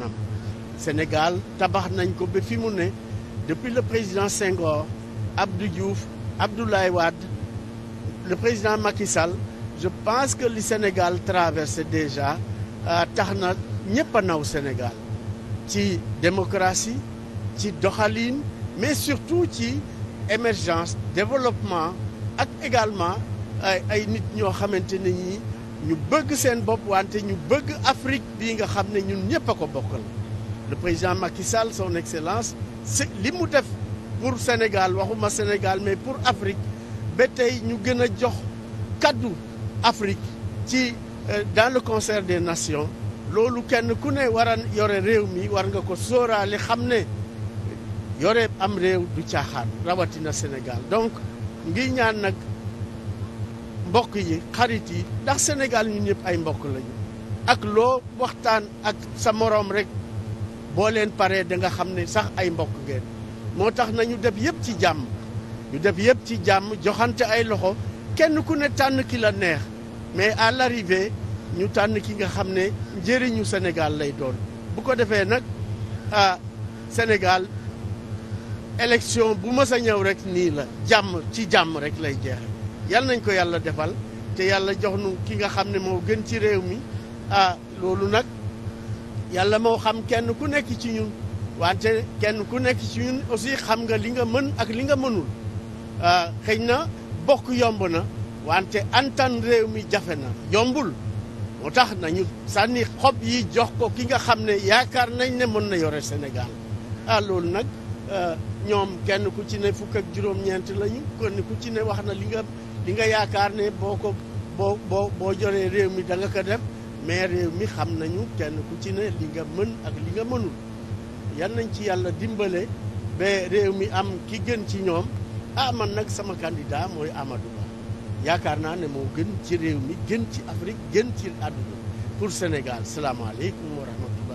nam Sénégal tabax nañ ko ba mu ne depuis le président Senghor Abdou Diouf Abdoulaye Wade le président Macky Sall je pense que li Sénégal traversé déjà euh, tax na ñëpp a naw Sénégal ci démocratie ci doxaliine mais surtout ci émergence développement ak également euh, ay nit ñoo xamante ne ñu bëgg seen bopp wante ñu bëgg Afrique bii nga xam ne ñun ñëpp a ko bokkal le président Macky Sall son excellence c'est li mu def pour Sénégal waxuma Sénégal mais pour Afrique ba tey ñu gën a jox kaddu Afrique ci euh, daan le concert des nations loolu kenn ku ne war a yore réew mi war nga ko sóoraale xam ne yore am réew du caaxaan rawatina Sénégal donc ngi ñaan nag. mbokk yi xarit yi ndax Sénégal ñun ñëpp ay mbokk lañu ak loo waxtaan ak sa moroom rek boo leen paree da nga xam ne sax ay mbokk ngeen moo tax nañu def yëpp ci jàmm ñu def yëpp ci jàmm joxante ay loxo kenn ku ne tànn ki la neex mais à l'arrivée ñu tànn ki nga xam ne njëriñu Sénégal lay doon bu ko defee nag ah Sénégal élection bu mës a ñëw rek nii la jàmm ci jàmm rek lay jeex yàlla nañ ko yàlla defal te yàlla jox nu ki nga xam ne moo gën ci réew mi a ah, loolu nag yàlla moo xam kenn ku nekk ci ñun wante kenn ku nekk ci ñun aussi xam nga li nga mën ak li nga mënul ah, xëy na bokk yomb na wante antan réew mi jafe na yombul moo tax nañu sànni xob yi jox ko ki nga xam ne yaakaar nañ ne mën na yore Sénégal ah loolu nag ñoom kenn ku ci ne fukk ak juróom-ñeent lañu kon ku ci ne wax na li nga li nga yaakaar ne boo ko boo boo boo joree réew mi da nga ko def mais réew mi xam nañu kenn ku ci ne li nga mën ak li nga mënul yan nañ ci yàlla dimbale ba réew mi am ki gën ci ñoom ah man nag sama candidat mooy Amadou Ba yaakaar naa ne moo gën ci réew mi gën ci Afrique gën ci àdduna pour Sénégal salaamaaleykum wa rahmatullah